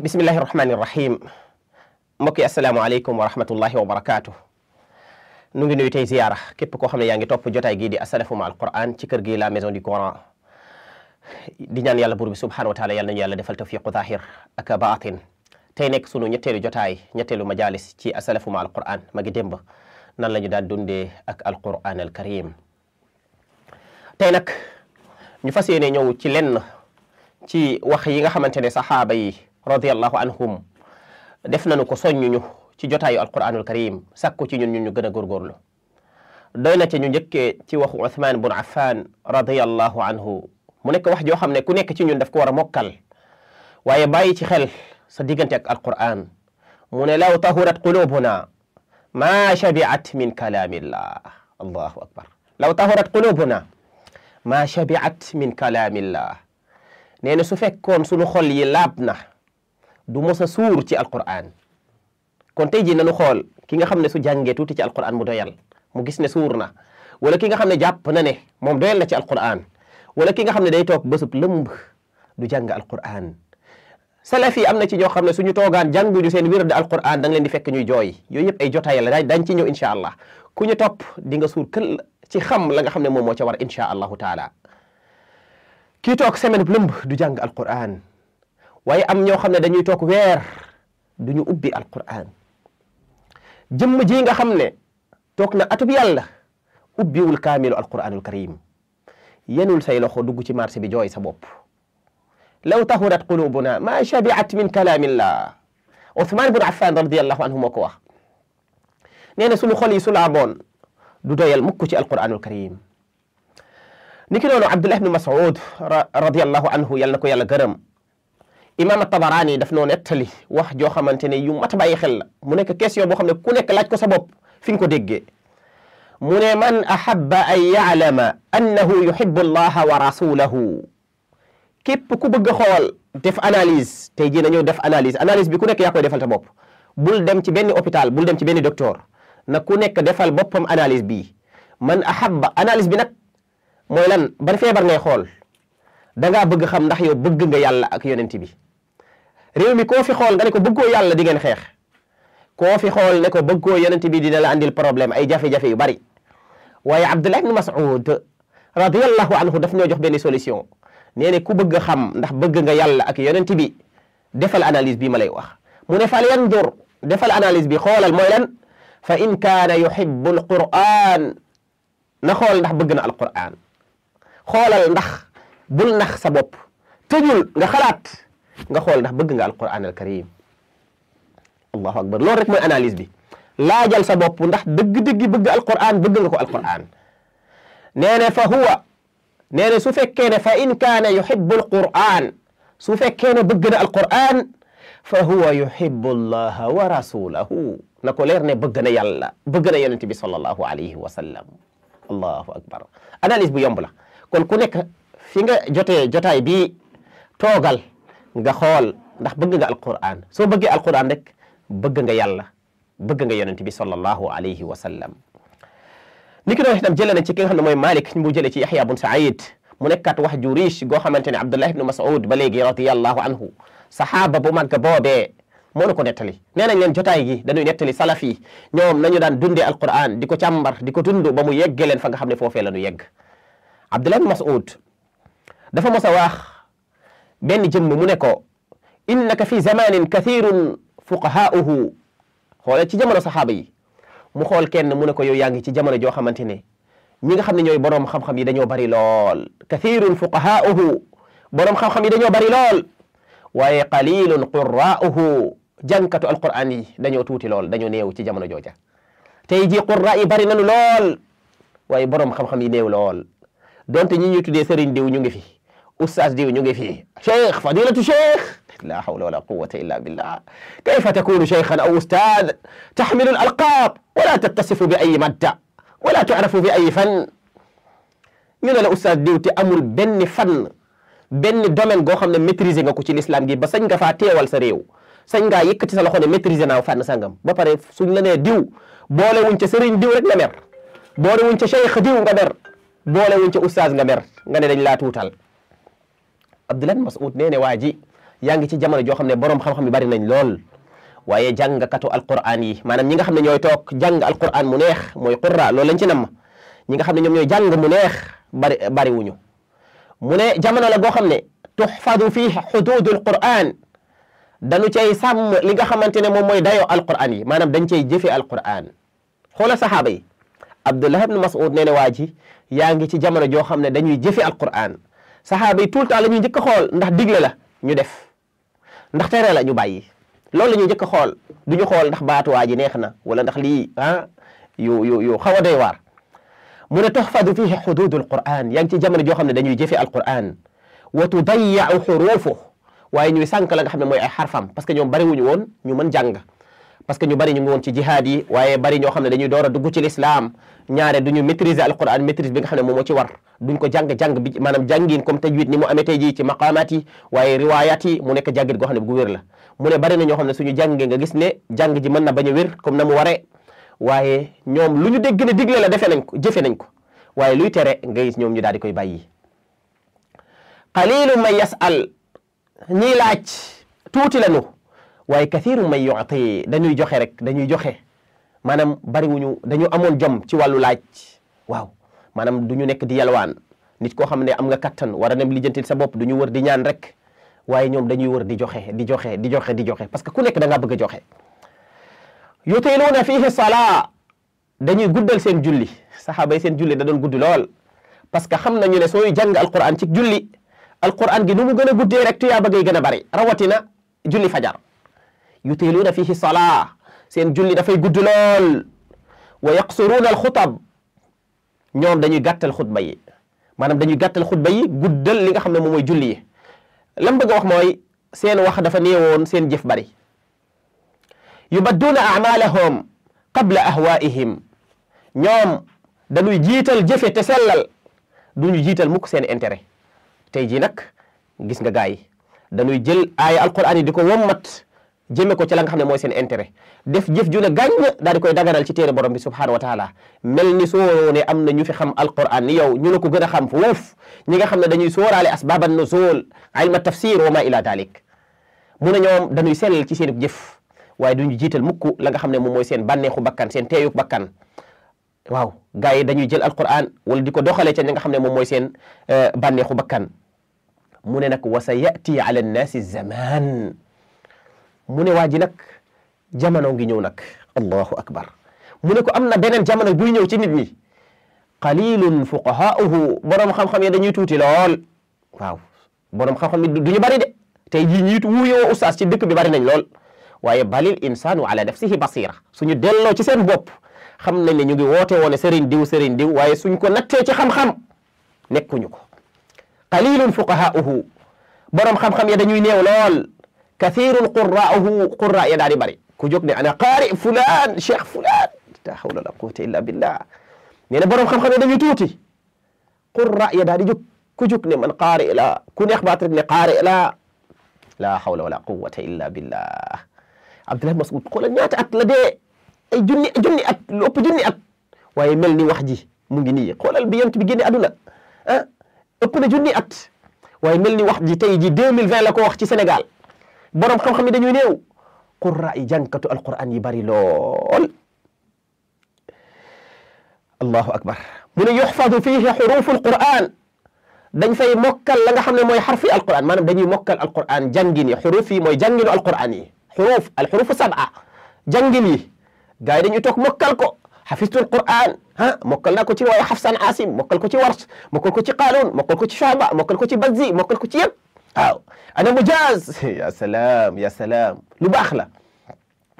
bismillahi rahmaani rahim mbokk yi asalaamaaleykum wa rahmatullahi wa barakaatu nu ngi nuyu tey ziyaara képp koo xam ne yaa ngi topp jotaay gii di asalafu ma alquran ci kër gi la maison du coran di ñaan yàlla buur bi wa taala yàlla nañu defal tawfiqu zahir ak baatin tey nekk sunu ñetteelu jotaay ñetteelu majalis ci asalafu ma alquran ma ngi démb nan lañu ñu daan dundee ak alquran al karim tey nag ñu fas yéene ñëw ci lenn ci wax yi nga xamante ne saxaaba yi radiallahu anhum def nu ko soññuñu ci jotaayu alquranul karim sàkku ci ñu ñun ñu gën a góorgóorlu doy na ci ñu njëkkee ci waxu Uthman bun Affan radiallahu anhu mu nekk wax joo xam ne ku nekk ci ñun daf ko war a mokkal waaye bàyyi ci xel sa diggante ak alquran mu ne law tahurat qulubuna maa shabiat min kalaamillah allahu akbar law tahurat qulubuna maa shabiat min kalaamillah nee na su fekkoon sunu xol yi laab na du mos a suur ci alquran kon tey jii nañu xool ki nga xam ne su jàngee tuuti ci alquran mu doyal mu gis ne suur na wala ki nga xam ne jàpp na ne moom doyal na ci alquran wala ki nga xam ne day toog bésub lëmb du jàng alquran salaf yi am na ci ñoo xam ne suñu toogaan jànguñu seen wirde alquran da nga leen di fekk ñuy jooy yooyu yëpp ay jotaay la dañ ci ñëw incha allah ku ñu topp di nga suur kël ci xam la nga xam ne moom moo ca war incha allahu taala kii toog semaine bu lëmb du jàng alquran waaye am ñoo xam ne dañuy toog weer du ñu ubbi alquran jëmm ji nga xam ne toog na atub yàlla ubbiwul kaamilu alquranul karim yenul say loxo dugg ci marché bi jooy sa bopp law tahurat qulubuna ma shabiat min kalaamillah Othman bun Affan radiallahu anhu moo ko wax nee na sunu xol yi su du doyal mukk ci alquranul karim ni ki noonu Abdullah ibnu Mas'ud radiallahu anhu yal na ko yàlla gërëm imaam Tabaraani daf noo nettali wax joo xamante ne yu mat a bàyyi xel la mu nekk question boo xam ne ku nekk laaj ko bopp fi nga ko déggee mu ne man ahabba an yaalama annahu yuhibbu allaha wa rasulahu képp ku bëgg a xool def analyse tey jii nañu def analise analyse bi ku nekk yaa defal ta bopp bul dem ci benn hôpital bul dem ci benn docteur na ku nekk defal boppam analise bi man ahabba analyse bi nag mooy lan ban feebar ngay xool da ngaa bëgg xam ndax yow bëgg nga yàlla ak yonent bi réew mi koo fi xool nga ne ko bëggoo yàlla di ngeen xeex koo fi xool ne ko bëggoo yonent bi dina la andil problème ay jafe-jafe yu bari waaye Abdullah ibn Mas'ud radiyallahu anhu daf ñoo jox benn solution nee ne ku bëgg a xam ndax bëgg nga yàlla ak yonent bi defal analyse bi ma lay wax mu ne fal yandur defal analyse bi xoolal mooy lan fa in kaana yuhibbu alquran na xool ndax bëgg na alquran xoolal ndax bul nax sa bopp tëjul nga xalaat nga xool ndax bëgg nga alquran al bi laajal sa bopp ndax dëgg-dëgg bëgg alquran bëgg nga ko alquran nee ne fa huwa nee ne su fekkee ne fa in su fekkee ne bëgg na alquran fa huwa yuhibbu allaha wa na ko leer ne bëgg na yàlla bëgg na yonente bi sallallahu alayhi wa sallam allahu akbar bu yomb la kon ku nekk fi nga jotee jotaay bi toogal nga xool ndax bëgg nga alquran soo bëggee alquran rek bëgg nga yàlla bëgg nga yonent bi sallallahu alayhi wa sallam ni ki doon wax itam jëlee na ci ki nga xam ne mooy Malik mu jëlee ci Yaxya bun Saïd mu nekkaat wax ju riche goo xamante ne Abdullah ibnu Mas'ud ba léegi radiyallahu anhu saxaaba bu mag boobee moo na ko nettali nee nañ leen jotaay gi dañuy nettali salaf yi ñoom nañu daan dundee alquran di ko càmbar di ko dund ba mu yegge leen fa nga xam ne foofee la ñu yegg Abdullah ibnu Mas'ud dafa mos a wax benn jëmm mu ne ko innaka fi zamanin kathirun fuqahaauhu xoolal ci jamono saxaaba yi mu xool kenn mu ne ko yow yaa ngi ci jamono joo xamante ne ñi nga xam ne ñooy boroom xam yi dañoo bari lool kathirun fuqahaauhu boroom xam-xam yi dañoo bari lool waaye qalilun qurraauhu jànkatu alquran yi dañoo tuuti lool dañoo néew ci jamono jooja tey jii qurra yi bari nanu lool waaye boroom xam-xam yi néew lool donte ñi ñuy tuddee sëriñ diw ñu ngi fi استاذ ديو نيوغي فيه شيخ فضيلة شيخ لا حول ولا قوة إلا بالله كيف تكون شيخا أو أستاذ تحمل الألقاب ولا تتصف بأي مادة ولا تعرف بأي فن من الأستاذ ديو تأمل بن فن بن دومين غو خمنا ميتريزي غو كوشي الإسلام جي بسنجا فاتي والسريو سنجا يكتس الأخوني ميتريزي ناو فن سنجم بباري سنلني ديو بولي وانچ سرين ديو رك نمر بولي وانچ شيخ ديو نمر بولي وانچ أستاذ نمر غني دي توتال Abdullah bin Mas'ud nee ne waa ji yaa ngi ci jamono joo xam ne borom xam-xam yi bari nañ lool waaye jàngkatu alquran yi maanaam ñi nga ne ñooy toog jàng alquran mu neex mooy qurra loolu lañ ci nam ñi nga xam ne ñoom ñooy jàng bari bari wuñu mu la goo xam ne tuxfadu fii xududul quran dañu cay sàmm li nga xamante ne moom mooy alquran yi maanaam dañ cay jëfe alquran xoola saxaaba yi abdullah ibn mas'ud nee ne waa ji joo xam ne dañuy jëfe alquran saxaaba yi tout le temps la ñuy njëkk xool ndax digle la ñu def ndax tere la ñu bàyyi loolu la ñuy njëkk a xool du ñu xool ndax baatuwaa ji neex na wala ndax lii ah yu yu yu xaw a doy waar mu ne toxfadu fihi xududul quran yaa ngi ci jamono joo xam ne dañuy jëfe alquran wa tudayaau xuruufu waaye ñuy sànq la nga xam ne mooy ay xarfam parce que ñoom bari ñu woon ñu mën jàng parce que ñu bari ñu ngi woon ci jihaad yi waaye bari ñoo xam ne dañuy door a dugg ci l'islam ñaare duñu maîtriser alquran maîtrise bi nga xam ne moom moo ci war duñ ko jàng-jàng bi maanaam jàngin comme tajwid ni mu amee tey jii ci maqaamaat yi waaye riwaayaat yi mu nekk jàngit goo xam ne bu wér mu ne bari na ñoo xam ne suñu jàngee nga gis ne jàng ji mën na bañ a wér comme na mu waree waaye ñoom lu ñu dégg ne digle la defee nañ ko jëfe nañ ko waaye luy tere nga gis ñoom ñu daal di koy bàyyi qalilu man yas'al ñiy laaj tuuti lañu waye kathiru may yu'ti dañuy joxe rek dañuy joxe bari wuñu dañu amon jom ci walu laaj waw manam duñu nek di yalwaan nit ko xamne ne am nga katan wara a dem sa bop duñu wër di ñaan rek waye ñom dañuy wër di joxe di joxe di joxe di joxe parce que ku nek da nga bëgg joxe yutiluna fihi sala dañuy guddal seen julli saxaaba seen julli da doon gudd lool parce que xam nañu ne soy jang alquran ci julli alquran gi nu mu gëna guddé rek tuyaa bëggay gëna bari rawatina julli fajar yutiluuna fihi salaa seen julli dafay gudd lool wa yaqsuruuna ñoom dañuy gàttal xutba yi maanaam dañuy gàttal xutba yi guddal linga xam ne moom mooy julli yi lam bëgg a wax mooy seen wax dafa woon seen jëf bari yubadduuna amalahum qabla ahwaihim ñoom dañuy jiital jëfe te sellal duñu jiital muk seen intérêt tey jii nag gis nga gaay yi dañuy jël aaya alquran yi di ko wommat jëme ko ci la nga xamné moy seen intérêt def jëf ju na gañ dal di koy dagaral ci téré borom bi subhanahu wa taala melni ni soo am ñu fi xam alquran yow ñu la ko gëna xam fu wuf ñi nga xamné dañuy sóoraale asbaban nuzul ilma tafsir wa ma ila dalik mu na ñoom dañuy sellal ci seen jëf waye duñu jital mukk la nga xamné ne moom seen banexu bakkan seen téyu bakkan waaw gaay dañuy jël alquran wala diko doxale ci nga xamné ne seen banexu bakkan mu ne nak wa sa yati ala nnaasi zaman mu ne waa ji nag jamono ngi ñëw nag allahu akbar mu ne ko am na beneen jamono buy ñëw ci nit ñi qalilun fuqahaauhu borom xam-xam yi dañuy tuuti lool waaw borom xam-xam yi duñu bari de tey jii ñiit wuyoo ustaas ci dëkk bi bari nañ lool waaye balil insaanu ala nafsihi basira suñu delloo ci seen bopp xam nañ ne ñu ngi woote woone sëriñ diw sëriñ diw waaye suñ ko nattee ci xam-xam nekkuñu ko qalilun fuqahaauhu borom xam-xam ya dañuy néew lool كثير قراءه قراء يعني بري كوجوكني أنا قارئ فلان شيخ فلان لا حول ولا قوة إلا بالله من يعني بروم خم خم توتي قراء يعني جوك كوجوكني من قارئ لا كوني أخباترني قارئ لا لا حول ولا قوة إلا بالله عبد الله مسعود قول اني أت لدي جني جني أت لوب جني أت ويملني وحدي مجني قول البيانت بجني أدولا أه أبنا جني أت ويملني وحدي تيجي 2020 لكو وقت سنغال borom xam-xam yi dañuy néew qurra yi jànkatu alquran yi bari lool allahu akbar mu ne yuxfadu fihi xurufu alquran dañ fay mokkal la nga xam ne mooy xarfi alquran maanaam dañuy mokkal alquran jàngin yi xuruf yi mooy jànginu alquran yi xuruf alxurufu sab'a jàngin yi gars yi dañuy toog mokkal ko xafistu alquran ah mokkal naa ko ci waaye xafsan asim mokkal ko ci wars mokkal ko ci qaalun mokkal ko ci shaba mokkal ko ci bazzi mokkal ko ci yëpp waaw ana Mujaaz ya salaam ya salaam lu baax la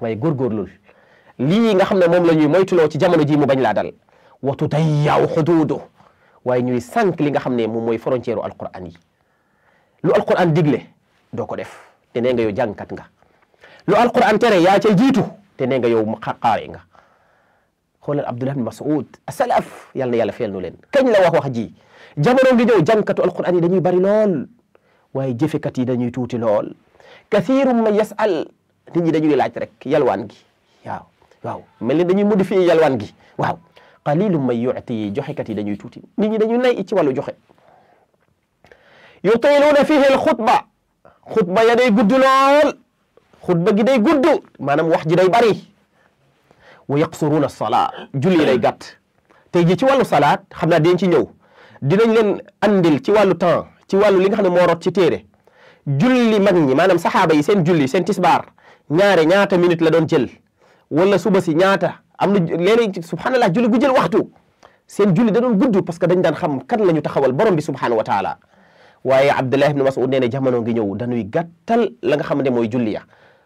waaye góorgóorlul lii nga xam ne moom la ñuy moytuloo ci jamono ji mu bañ laa dal watu day yaaw xuduudu waaye ñuy sànq li nga xam ne moom mooy frontière u alquran yi lu alquran digle doo ko def te nga yow jàngkat nga lu alquran tere yaa cay jiitu te nee nga yow xaqaare nga xoolal Abdullah bin Mas'ud asalaf yàlla na yàlla feel nu leen kañ la wax wax ji jamono ngi ñëw jàngkatu alquran yi bari lool waaye jëfekat yi dañuy tuuti lool kathirum man yasal nit ñi dañuy laaj rek yalwaan gi waaw waaw mel ni dañuy modifier yalwaan gi waaw qalilum man yuti joxekat yi dañuy tuuti nit ñi dañuy nay ci wàllu joxe yutiluuna fihi alxutba xutba ya day gudd lool xutba gi day gudd maanaam wax ji day bari wa yaqsuruuna salaa julli day gàtt tey ji ci wàllu salaat xam na dinañ ci ñëw dinañ leen andil ci wàllu temps ci wàllu li nga xam ne moo rot ci téere julli mag ñi maanaam saxaaba yi seen julli seen tisbaar ñaare ñaata minute la doon jël wala suba si ñaata am na léeg-léeg subhanallah julli gu jël waxtu seen julli da doon gudd parce que dañ daan xam kan la ñu taxawal borom bi subhanahu wa taala waaye Abdullah ibn Mas'ud nee na jamono ngi ñëw dañuy la nga xam ne mooy julli ya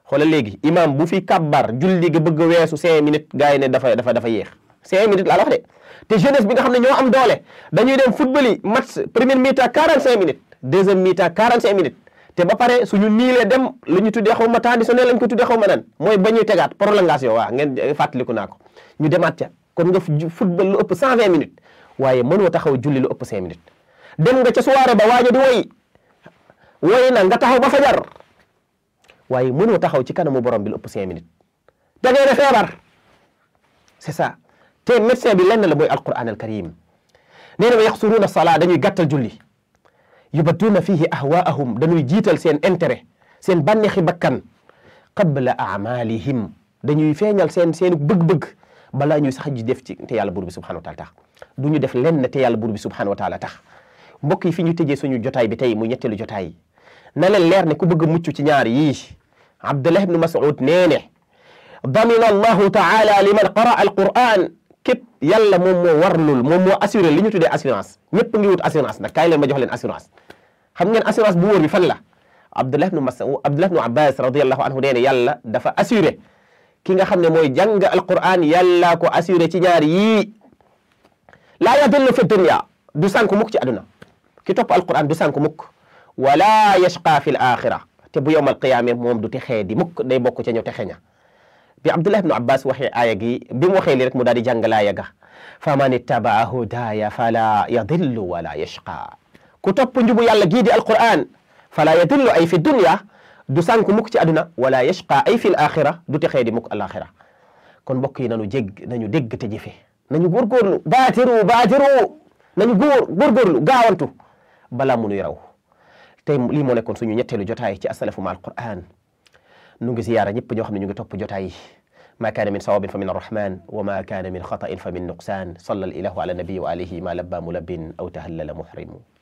xoolal léegi imam bu fi kabbar julli ga bëgg a weesu cinq minutes gars yi ne dafa dafa dafa yéex 5 minutes laa la wax de té jeunesse bi nga xamné ño am doolé dañuy dem football yi match première mi-temps 45 minutes deuxième mi-temps 45 minutes té ba paré suñu niilee dem luñu tuddé xawma xaw ma temps lañ ko tuddé xawma nan moy bañuy ñuy prolongation wa ngeen fàttaliku naa ko ñu démat ca kon nga football lu upp 120 minutes waaye mënoo taxaw julli lu upp 5 minutes dem nga ca soirée ba waja di woy woy na nga taxaw ba fajar waaye mënoo taxaw ci kanamu borom bi lu upp 5 minutes da ngay ne c'est ça تي ميرسي بي لن لا القران الكريم نينا يخسرون الصلاه دانيو غاتال جولي يبدون فيه اهواءهم دانيو جيتال سين انتري سين بانيخي بكان قبل اعمالهم دانيو فينال سين سين بغ بغ بلا نيو سخ جي ديف تي يالا بور بي وتعالى دو نيو ديف لن تي يالا بور بي وتعالى تخ مبوكي في نيو تيجي سونو جوتاي بي تاي مو نيتلو جوتاي نالن لير ني كو بغ موچو تي نياار يي عبد الله بن مسعود نينه ضمن الله تعالى لمن قرأ القرآن képp yàlla moom moo warlul moom moo assuré li ñu tuddee assurance ñëpp ngi wut assurance nag kaay leen ma jox leen assurance xam ngeen assurance bu wóor bi fan la Abdullah ibnu Mas'ud Abdullah ibnu Abbas radiyallahu anhu nee ne yàlla dafa assuré ki nga xam ne mooy jàng alquran yàlla ko assuré ci ñaar yii laa yadillu fi dunya du sànku mukk ci àdduna ki topp alquran du sànku mukk wala yashqa fi l te bu yowmal qiyaame moom du texee di mukk day bokk ca ñëw texeña bi abdullah ibnu abbas waxee aaya bi mu waxee li rek mu daal di jàngal aaya ga fa man ittabaa hudaaya fala yadillu wala yashqa ku topp njubu yàlla gii di fa fala yadillu ay fi dunya du sànku mukk ci àdduna wala yashqa ay fi l axira du texee di mukk alaxira kon mbokk yi nañu jégg nañu dégg te jëfe nañu góorgóorlu baatiru baatiru nañu góor góorgóorlu gaawantu balaa munuy raw tey lii moo nekkoon suñu ñetteelu jotaay ci asalafu ma alquran نوغي زياره نيب ньо خامني نوغي توپ جوتاي ما كان من صواب فمن الرحمن وما كان من خطا فمن نقصان صلى الاله على النبي وعليه ما لبى ملب او تهلل محرم